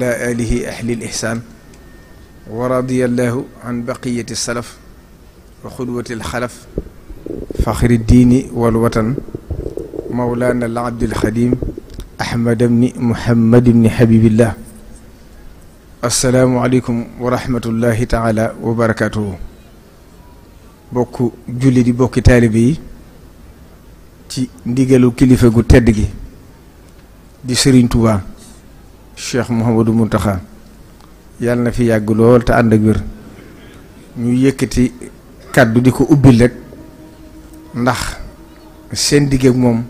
ala alihi ahli l ihsan wa radiyallahu an baqiyati salaf wa xudwati alxalaf faxri diini walwatan mawlana al abdilxadim ahmad bni muhammad bni habibillah asalaamualeykum wa rahmatullahi taala wa barakatuhu bokk julli di bokki taalibe yi ci ndigalu kilifa gu tedd gi di Sëriñ Tuubaa cheikh Mouhamadou Mountakha yàlla na fi yàgg lool te ànd ak wér ñu yëkkati kàddu di ko ubbil rek ndax seen digg ak moom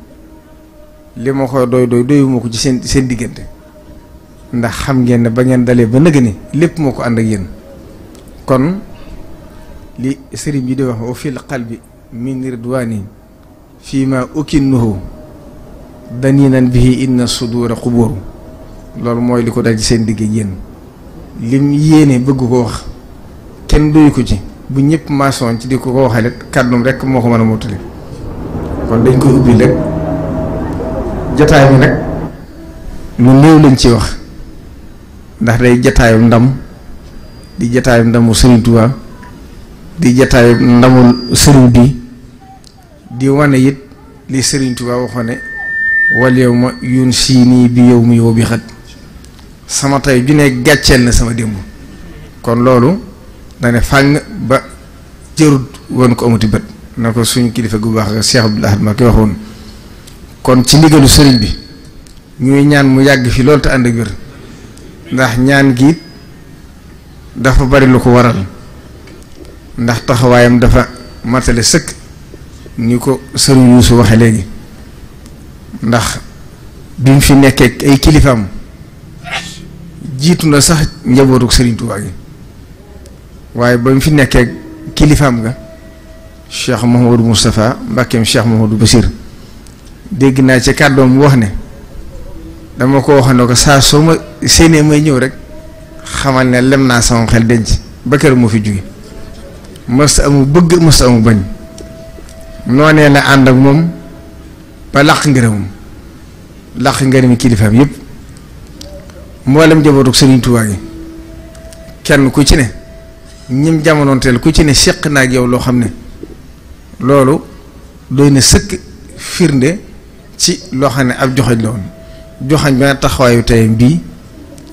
li ma ko doy doy doyuma ko ci seen seen diggante ndax xam ngeen ne ba ngeen dalee ba nëgë lépp moo ko ànd ak yéen kon li sëriñ bi di wax wa fil qalbi min ridwani fii ma ukinnuhu daninan bihi inna sudura quburu loolu mooy li ko dal ci seen digg yéen lim yéene bëgg ko wax kenn doyu ko ci bu ñëpp maasoon ci di ko ko waxalit kàddum rek moo ko mën a mottali kon dañ koy ubbi rek nag lu lañ ci wax ndax day jataayu ndam di jataayu ndamu Serigne Touba di jataayu ndamu Serigne bi di wane it li Serigne Touba waxoon wal yow ma yoon sii nii bi yow mi yow bi xat sama tey ju ne gàcceel na sama démb kon loolu dane fàng ba jërut woon ko amati bët na ko suñu kilifa gu baax nga Cheikh Abdoul Ahad ma ki waxoon kon ci ndigalu sëriñ bi ñuy ñaan mu yàgg fi loolu te ànd ak ndax ñaan gi dafa bari lu ko waral ndax taxawaayam dafa matale sëkk ni ko sëriñ su waxee léegi ndax bi fi nekkee ay kilifaam jiitu na sax njabootuk Serigne Touba gi waaye ba mu fi nekkee kilifaam nga Cheikh Mouhamadou Moustapha Mbakkeem Cheikh Mouhamadou Bachir dégg naa ci kàddoom mu wax ne dama ko wax ne ko saa soo ma séenee may ñëw rek xamal ne lem naa sama xel denc ba kër moo fi jóge mës amu bëgg mës amu bañ noonee la ànd ak moom ba làq ngërëmam làq ngërëmi kilifaam yëpp. mboolem jabootug Serigne Touba gi kenn ku ci ne ñim jamonoonteel ku ci ne seq naa ak yow loo xam ne loolu doy na sëkk firnde ci loo xam ne ab joxañ la joxañ ba taxawaayu tayam bii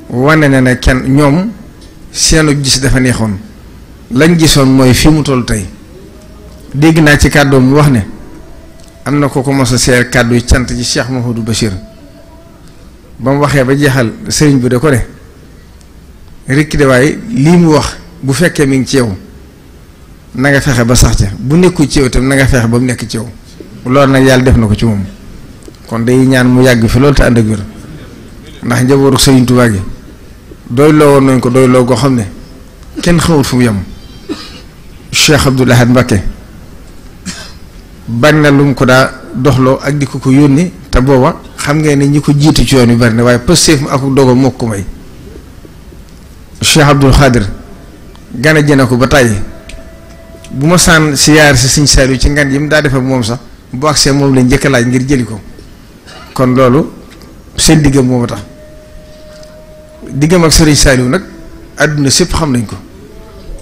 wane na ne kenn ñoom seenu gis dafa neexoon lañ gisoon mooy fi mu toll tey dégg naa ci kàddoom mu wax ne am na ko ko mosa a seer kàddu cant ci Cheikh du Bachir ba mu waxee ba jeexal sëriñ bi da ko ne rikki de lii mu wax bu fekkee mi ngi ci yow na nga fexe ba sax ca bu nekkul ci yow tam na nga fexe ba nekk ci yow loolu nag yàlla def na ko ci moom kon day ñaan mu yàgg fi loolu te ànd ak wér ndax njabootu sëriñ Tuubaa gi doy loo nañ ko doy goo xam ne kenn xamul fu mu yem Cheikh Abdoul Ahad Mbacké na lu ko daa doxloo ak di ko ko yónni te booba xam ngeen ne ñi ko jiitu ci yoon yu bari na waaye pëstéef ma ak dogo moo ko may Cheikh Abdul Xaadir gane jëne ko ba tàyyi bu ma saan siyaar si siñ Saaliw ci ngan yi mu daa defee moom sax bu agsee moom lañ njëkk laaj ngir jëli ko kon loolu seen diggam moom a tax diggam ak Sëriñ Saaliw nag àdduna sépp xam nañ ko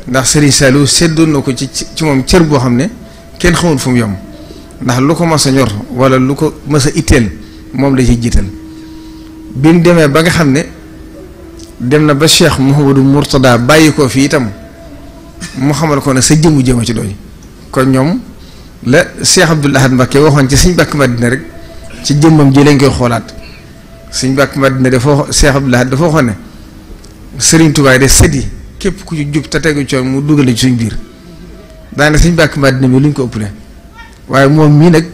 ndax Sëriñ Saaliw seddoon na ko ci ci moom cër boo xam ne kenn xamul fu yom ndax lu ko mas a ñor wala lu ko mas a itteel moom la ci jiital bi mu demee ba nga xam ne dem na ba Cheikh Mouhamadou Mourtada bàyyi ko fii itam mu xamal ko ne sa jëmu jëma ci doy kon ñoom la Cheikh Abdoul Ahad Mbacké waxoon ci suñ bàkk Madina rek ci jëmmam ji lañ koy xoolaat suñ bàkk Madina dafa Cheikh Abdoul Ahad dafa waxoon ne Serigne Touba de sëddi képp ku ci jub te tegu coon mu dugale ci suñ biir daane suñ bàkk Madina bi luñ ko ëppale waaye moom mii nag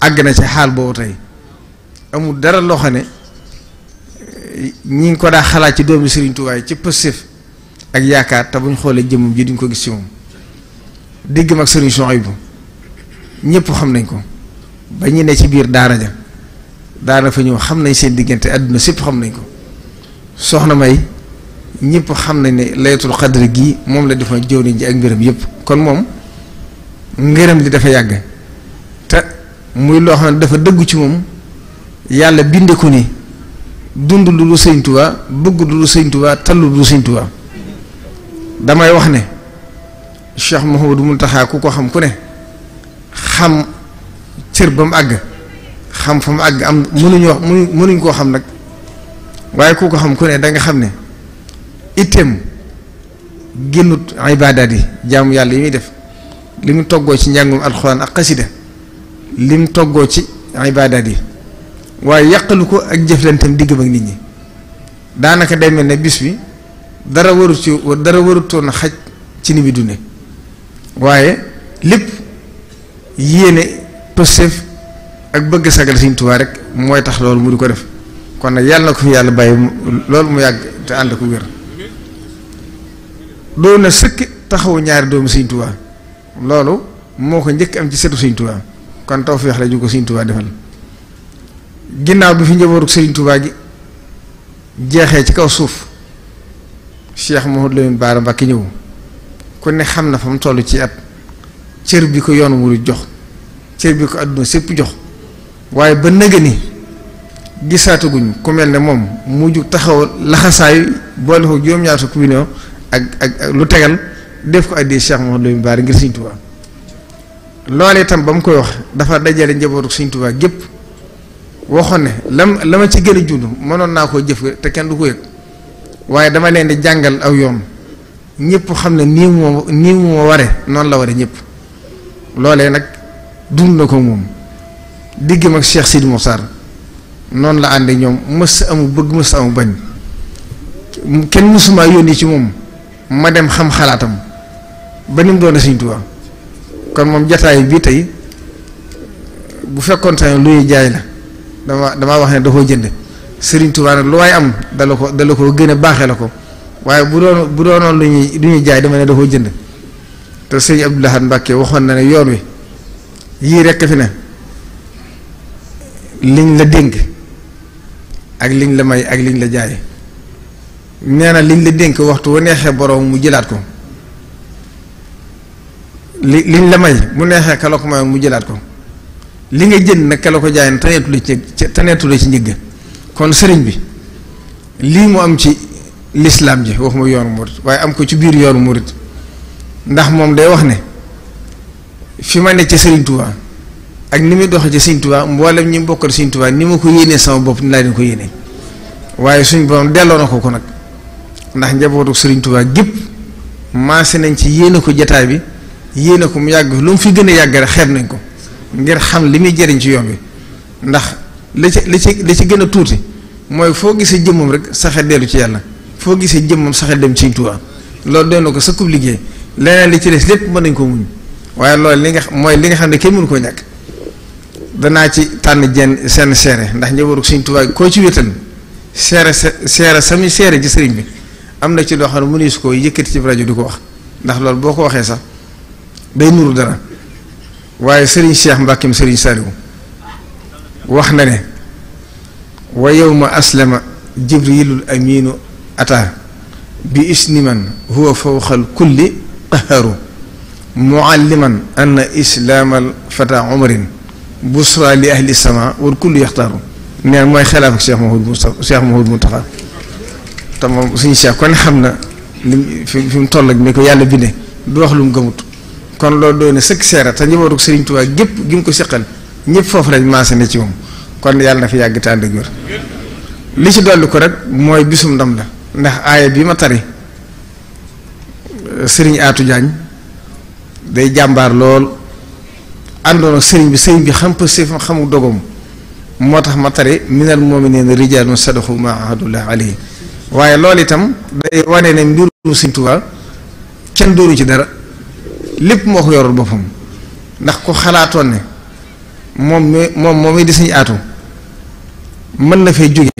àgg na ci xaal boobu tey amul dara loo xam ne ñi ngi ko daa xalaat ci doomi Serigne Touba yi ci pëstéef ak yaakaar te buñ xoolee jëmmum ji duñ ko gis ci moom diggam ak Serigne Souhaïbou ñëpp xam nañ ko ba ñu ne ci biir daara ja daara ñëw xam nañ seen diggante àdduna sépp xam nañ ko soxna May ñëpp xam nañ ne laytul xadri gii moom la defoon jëwriñ ji ak mbiram yëpp kon moom ngërëm li dafa yàgg te muy loo ne dafa dëggu ci moom. yàlla binde ko ni dund lu sëñ Tuubaa bëgg lu sëñ Tuubaa tallu lu sëñ Tuubaa damay wax ne Cheikh Mouhamadou taxaa ku ko xam ku ne xam cër ba mu àgg xam fa mu àgg am mënuñu wax koo xam nag waaye ku ko xam ku ne danga xam ne itteem génnut ibaadaat yi jaamu yàlla yi muy def li mu toggoo ci njàngum alxuraan ak xasida li mu toggoo ci ibaadaat yi waaye yàqalu ko ak jëflanteem diggam ak nit ñi daanaka day na bis bi dara waru ci dara warutoon a xaj ci ni bi dunde waaye lépp yéene pësef ak bëgg sagal Sëriñ Tuubaa rek mooy tax loolu mu di ko def kon nag yàlla na ko fi yàlla bàyyi loolu mu yàgg te ànd ko wér doon na sëkk taxawu ñaari doomu Sëriñ Tuubaa loolu moo ko njëkk am ci setu Sëriñ Tuubaa kon tawfeex la ju ko Sëriñ Tuubaa defal ginnaaw bi fi njabootu Serigne tubaa gi jeexee ci kaw suuf Cheikh Mouhamadou Lamine Bara Mbacké ñëw ku ne xam na fa mu toll ci at cër bi ko yoon wu jox cër bi ko àdduna sépp jox waaye ba nëgë ni gisaataguñ ku mel ne moom mu jug taxaw laxasaay boole ko juróom-ñaar fukki million ak ak lu tegal def ko addi Cheikh Mouhamadou Lamine baar ngir Serigne Touba loolee itam ba mu koy wax dafa dajale njabootu Serigne Touba gépp waxoon ne lam la ma ci gën a jund mënoon naa koo jëf te kenn du ko yëg waaye dama leen di jàngal aw yoon ñëpp xam ne nii moo nii ware noonu la ware ñëpp loolee nag dund na ko moom diggam ak Cheikh Sidi Moussar noonu la ànd ñoom mës amu bëgg mës amu bañ kenn mësumaa yónni ci moom ma dem xam xalaatam ba ni mu doon Sëriñ Tuubaa kon moom jataay bii tey bu fekkoon tamit luy jaay la dama damaa wax ne da jënd Serigne Touba lu waay am dala ko dala ko gën a baaxee la ko waaye bu doon bu doonoon lu ñuy lu jaay dama ne da jënd te Serigne Abdou Lahad waxoon na ne yoon wi yii rekk fi ne liñ la dénk ak liñ la may ak liñ la jaay nee na liñ la dénk waxtu wu neexee borom mu jëlaat ko li liñ la may mu neexee kala ko mu jëlaat ko li nga jënd nag ka la ko jaay taneetu la ci taneetu la ci njëgg kon sëriñ bi lii mu am ci lislaam ji waxuma yoonu murit waaye am ko ci biir yoonu murit ndax moom day wax ne fi ma ne ci sëriñ Tuubaa ak ni muy doxee ci sëriñ Tuubaa mboolem ñi bokkal sëriñ Tuubaa ni ma ko yéenee sama bopp ni laa leen ko yéenee waaye suñ borom delloo na ko ko nag ndax njabootu sëriñ Tuubaa gépp maase nañ ci yéene ko jataay bi yéene ko mu yàgg lu mu fi gën a yàgg rek xeeb nañ ko ngir xam li muy jëriñ ci yoon wi ndax li ci li ci li ci gën a tuuti mooy foo gis gisee jëmmam rek saxe dellu ci yàlla foo gisee jëmmam saxe dem ci Tuubaa loolu doy na ko sëkkub liggéey leneen li ci des lépp mën nañ ko muñ waaye lool li nga mooy li nga xam ne kenn mënu koo ñàkk danaa ci tànn jenn seen seere ndax njëwaru Sëriñ Tuubaa koo ci wétal seere seere sami seere ci sëriñ bi am na ci loo xam ne mu su koo yëkkati ci rajo di ko wax ndax loolu boo ko waxee sax day nuru dara waaye sëriñ Cheikh Mbàkkim sëriñ Saliou wax na ne wa yawma aslama jibrilul aminu ata bi isni man huwa fawqal kulli qaharu mualliman anna islaamal fata umarin busra li ahli sama wal kulli yaxtaaru nee mooy xelaaf ak Cheikh Mahmoud Moustapha Cheikh Mahmoud Mountakha te moom suñu Cheikh kon xam na li fi mu toll ak ni ko yàlla bindee du wax lu mu gëmut kon loolu doon na sëkk seera te njabootu Serigne Touba gépp gi mu ko seqal ñëpp foofu lañ maase ne ci moom kon yàlla na fi yàgg te ànd ak wér li ci dolli ko rek mooy bisum ndam la ndax aaya bi ma tari euh, Serigne Atou Diagne day jàmbaar lool àndoon ak Serigne bi Serigne bi xam pa si xamu dogom moo tax ma tari minal mu'minina rijaalun sadaqu ma ahadullah alayhi waaye loolu itam day wane ne mbirum Serigne Touba kenn dooru ci dara. lépp moo ko yorul boppam ndax ko xalaatoon ne moom mi moom moom di suñu aatu mën na fa jóge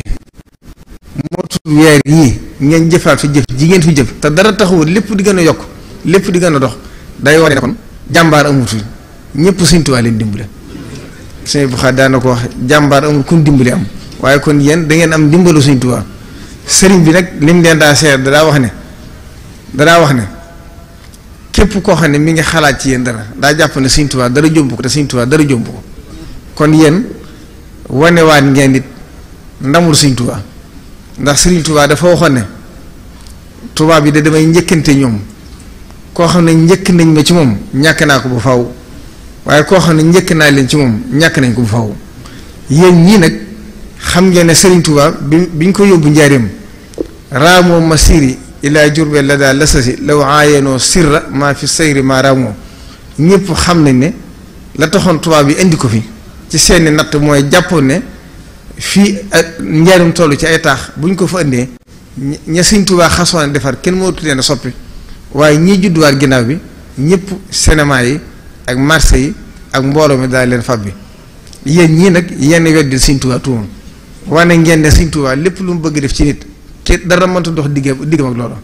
moo tudd weer yii ngeen jëfaat fi jëf ji ngeen fi jëf te dara taxawul lépp di gën a yokk lépp di gën a dox day war ne kon jàmbaar amut ñëpp suñu tubaab leen dimbale suñu buxaat daana ko wax jàmbaar amul kun dimbale am waaye kon yéen da ngeen dimbalu suñu tubaab sëriñ bi nag lim leen daa seer dadaa wax ne dadaa wax ne képp koo xam ne mi ngi xalaat ci yéen dara daa jàpp ne Sëñ dara jomb ko te Sëñ Tuubaa dara jomb ko kon yéen wanewaat ngeen it ndamul Sëñ Tuubaa ndax Sëriñ Tuubaa dafa waxoon ne tubaab yi de damay njëkkante ñoom koo xam ne njëkk nañ ma ci moom ñàkk naa ko bu faw waaye koo xam ne njëkk naa leen ci moom ñàkk nañ ko bu faw yéen ñii nag xam ngeen ne Sëriñ Tuubaa bi biñ ko yóbbu njaareem raamoo ma siri ilaa jurbel la daal lasasi law aayeenoo sirra maa fi sayri maa raamoo ñëpp xam na ne la taxoon tubaab yi indi ko fi ci seeni natt mooy jàppoon ne fii ak njaarim ci ay taax bu ñu ko fa indee ña sëñ Tuubaa xasoon defar kenn moo tuddee na soppi waaye ñii judduwaat ginnaaw bi ñëpp cinéma yi ak marché yi ak mbooloo mi daal leen fab bi yéen ñii nag yenn weddil sëñ Tuubaa tuumam wane ngeen ne sëñ Tuubaa lépp lu mu bëgg def ci nit te dara mënta dox digg diggam ak loolu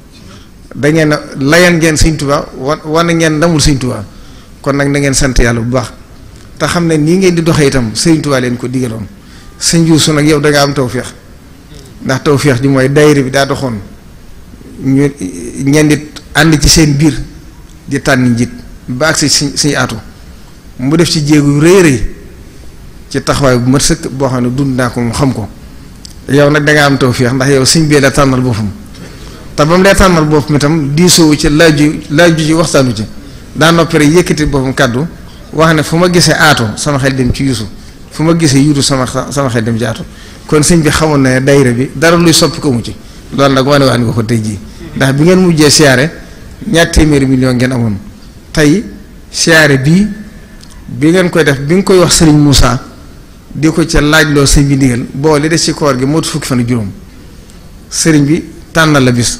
da ngeen a layan ngeen sëñ Tuubaa wa wane ngeen ndamul sëñ Tuubaa kon nag na ngeen sant yàlla bu baax te xam ne nii ngeen di doxe itam sëñ Tuubaa leen ko digaloon sëñ Yuusu nag yow danga nga am tawféex ndax tawféex di mooy daayira bi daa doxoon ñu it ànd ci seen biir di tànn njiit ba agsi si suñu aatu mu def ci jéegu rëy rëy ci taxawaay bu mat sëkk boo xam ne dund naa ko mu xam ko. yow nag danga am am tawféex ndax yow sëñ bee la tànnal boppam te ba mu lay tànnal boppam itam diisoo ci laaju laaju ci waxtaanu ci daa noppi rek yëkkati boppam kàddu wax ne fu ma gisee aato sama xel dem ci yuusu fu ma gisee yuutu sama sama xel dem ci aato kon sëñ bi xamoon na dayre bi dara luy soppi ko mu ci loolu nag wane waa ni ko tey jii ndax bi ngeen mujjee siyaare ñaar téeméeri million ngeen amoon tey siyaare bii bi ngeen koy def bi nga koy wax Serigne Moussa. di ko ca laajloo sëñ bi ndigal boo li des ci koor gi mootu fukki fan ak juróom sëriñ bi tànnal la bis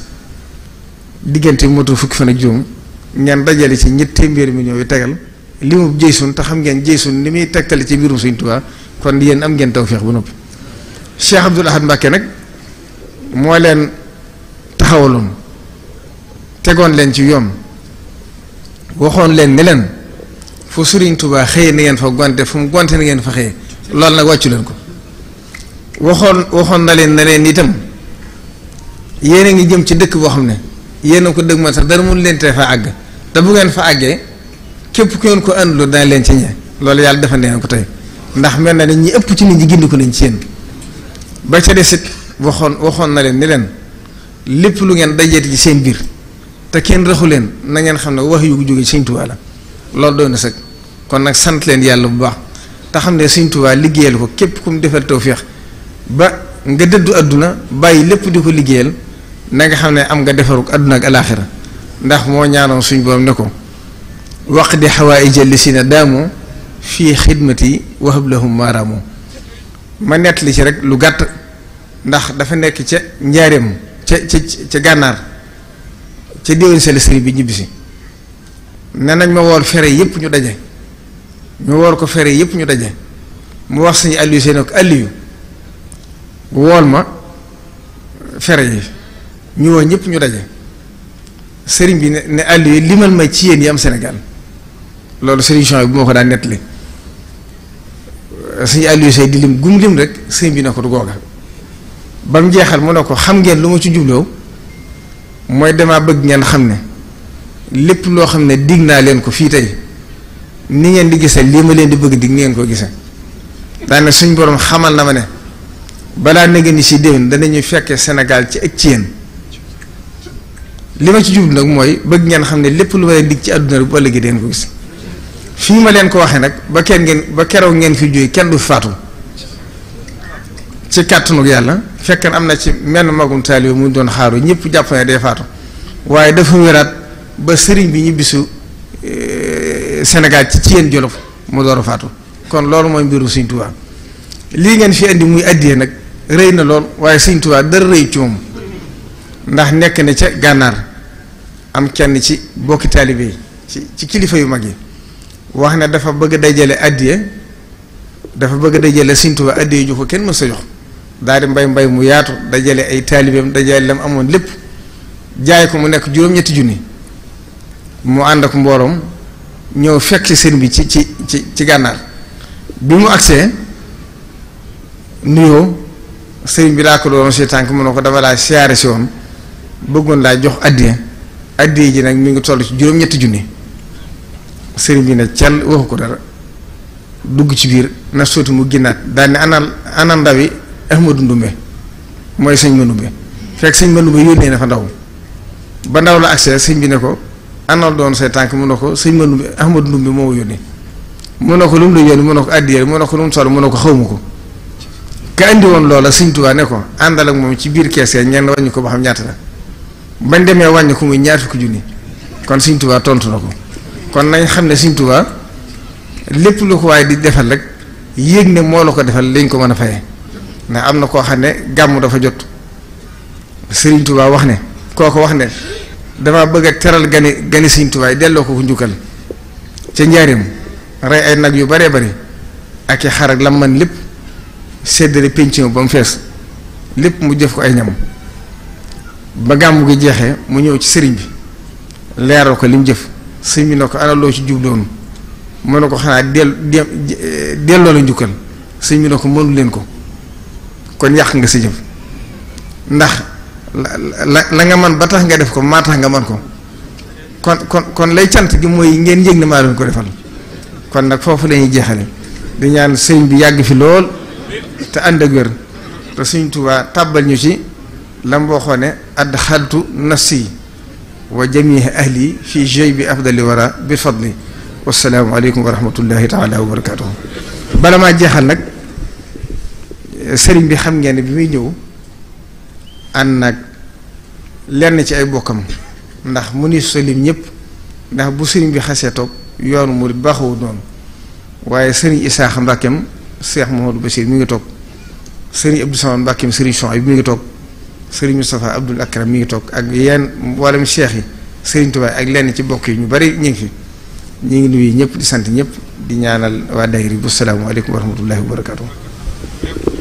diggante mootu fukki fan juróom ngeen dajale ci ñett téeméeri million yu tegal li mu jëy te xam ngeen jëy li muy tegtale ci mbirum Sëriñ tubaa kon yéen am ngeen tawfeex bu noppi Cheikh Abdoul Ahad Mbacké nag moo leen taxawaloon tegoon leen ci yoon waxoon leen ne leen fu Sëriñ Tuubaa xëye na ngeen fa gonte fu mu gonte na ngeen fa xëye loolu nag wàccu leen ko waxoon waxoon na leen na leen itam yéen ngi jëm ci dëkk boo xam ne yéen a ko dëgg man sax dara mun leen te fa àgg te bu ngeen fa àggee képp ku ngeen ko ànduloo dana leen ci ñee loolu yàlla defal na ko tey ndax mel na ne ñi ëpp ci nit ñi gind ko nañ ci yéen ba ca des it waxoon waxoon na leen ni leen lépp lu ngeen dajeet ci seen biir te kenn raxu leen na ngeen xam ne wax yu jóge Sëñ Tuubaa la loolu doon na sëg kon nag sant leen yàlla bu baax. te xam ne Sëriñ Tuubaa liggéeyal ko képp ku mu defal tawféex ba nga dëddu àdduna bàyyi lépp di ko liggéeyal na nga xam ne am nga defaruk àdduna ak alaaxira ndax moo ñaanoon suñ boom ne ko waq di xawaay jëlli si na daamu fii xidmati wahab lahum maaraamu ma nettali ci rek lu gàtt ndax dafa nekk ca njaareem ca ca gànnaar ca déwén sali sëriñ bi ñibbisi ne nañ ma wool fere yépp ñu daje ñu war ko fere yëpp ñu daje mu wax suñu àlliyu seen ak àlliyu wool ma fere yi ñu woo ñëpp ñu daje sëriñ bi ne ne àlliyu limal ma ci yéen yi am Sénégal loolu solution bi bu ma ko daan nettali suñu àlliyu say di gum lim rek sëriñ bi ne ko du googa ba mu jeexal mu ne ko xam ngeen lu ma ci jubloo mooy demaa bëgg ngeen xam ne lépp loo xam ne digg naa leen ko fii tey ni ngeen di gisee lii ma leen di bëgg di ngeen ko gisee daane suñ boroom xamal na ma ne balaa na ngeen si déwén danañu fekkee Sénégal ci ak ci yéen li ma ci jublu nag mooy bëgg ngeen xam ne lépp lu may dig ci àdduna bi bu ëllëgee deen ko gis fii ma leen ko waxee nag ba kenn ngeen ba keroog ngeen fi jógee kenn du faatu ci kàttanu yàlla fekk am na ci menn magum taalibe mu doon xaaru ñëpp jàpp ne day faatu waaye dafa wéraat ba sëriñ bi Sénégal ci ci yéen Jolof mu door a faatu kon loolu mooy mbiru Sëñ Tuubaa lii ngeen fi indi muy addiyee nag rëy na lool waaye Sëñ Tuubaa dara rëy ci ndax nekk na ca gànnaar am kenn ci bokki taalibe ci ci kilifa yu mag yi wax ne dafa bëgg dajale addiye dafa bëgg dajale Sëñ Tuubaa addiye ju ko kenn mës a jox daal di mbay mbay mu yaatu dajale ay taalibeem dajale lam amoon lépp jaay ko mu nekk juróom-ñetti junni mu ànd ak mbooloom ñëw fekk ci sëriñ bi ci ci ci ci gànnaar bi mu agsee nuyoo sëriñ bi laa ko doon si tànk mu ko dama laa siyaare si woon bëggoon laa jox addiya addiya ji nag mi ngi toll ci juróom-ñetti junni sëriñ bi ne cel waxu ko dara dugg ci biir na sotti mu ginnaat daal ne anal anal ndaw yi Ahmadu Ndumbe mooy sëñ Mandumbe fekk sëñ Mandumbe yónnee na fa ndaw ba ndaw la agsee sëñ bi ne ko anal doon say tànk mu ne ko sëñ ma Ndumbe Ahmadu Ndumbe moo yónni mu ne ko lu mu la yónni mu ne ko àddiya mu ne ko lu mu sol mu a ko xaw ma ko ka andi woon loola sëñ ne ko àndal ak moom ci biir kees ya ñenn ko ba xam ñaata la bañ demee wàññi ko ñaar fukki junni kon sëñ tontu na ko kon nañ xam ne sëñ lépp lu ko waaye di defal rek yéeg ne moo la ko lañ ko mën a fayee ndax am na koo xam ne gàmm dafa jot sëriñ Tuubaa wax ne kooku wax ne. dafa bëgg a teral gani gani Sëriñ Tuubaa delloo ko ku njukkal ca njaarim rey ay nag yu baree bari ak i xar ak lam man lépp séddale pension ba mu fees lépp mu jëf ko ay ñam ba gàmmu gi jeexee mu ñëw ci sëriñ bi leeral ko lim jëf sëriñ bi ne ko analoo ci jubloonu mu ne ko xanaa del delloo la njukkal sëriñ bi ne ko mënu leen ko kon yàq nga si jëf ndax la la nga man ba tax nga def ko maa tax nga man ko kon kon kon lay cant gi mooy ngeen yëg ne maa leen ko defal kon nag foofu lañuy jeexale di ñaan sëñ bi yàgg fi lool te ànd ak wér te Sëñ Tuubaa tàbbal ñu ci lam boo xoo ne add xaltu nafsi wa jamii ahli fi jey bi afdali wara bi fadli wassalaamu aleykum wa rahmatullahi taala wa barakaatu bala maa jeexal nag sëriñ bi xam ngeen ne bi muy ñëw ànd nag lenn ci ay bokkam ndax mu ni solim ñëpp ndax bu sëriñ bi xasee toog yoonu mu murit baaxawut noonu waaye sëriñ Isaaxa Mbàkkeem Cheikh Mouhamadou Bachir mi ngi toog sëriñ Abdou Samad Mbàkkeem sëriñ Chouaïb ngi toog sëriñ Moustapha Abdoul Akram mi ngi toog ak yenn mboolem cheikh yi sëriñ Tuubaa ak lenn ci bokk yi ñu bari ñu ngi fi ñu ngi nuyu ñëpp di sant ñëpp di ñaanal waa daayira bu salaamu aleykum wa rahmatullahi wa barakaatu.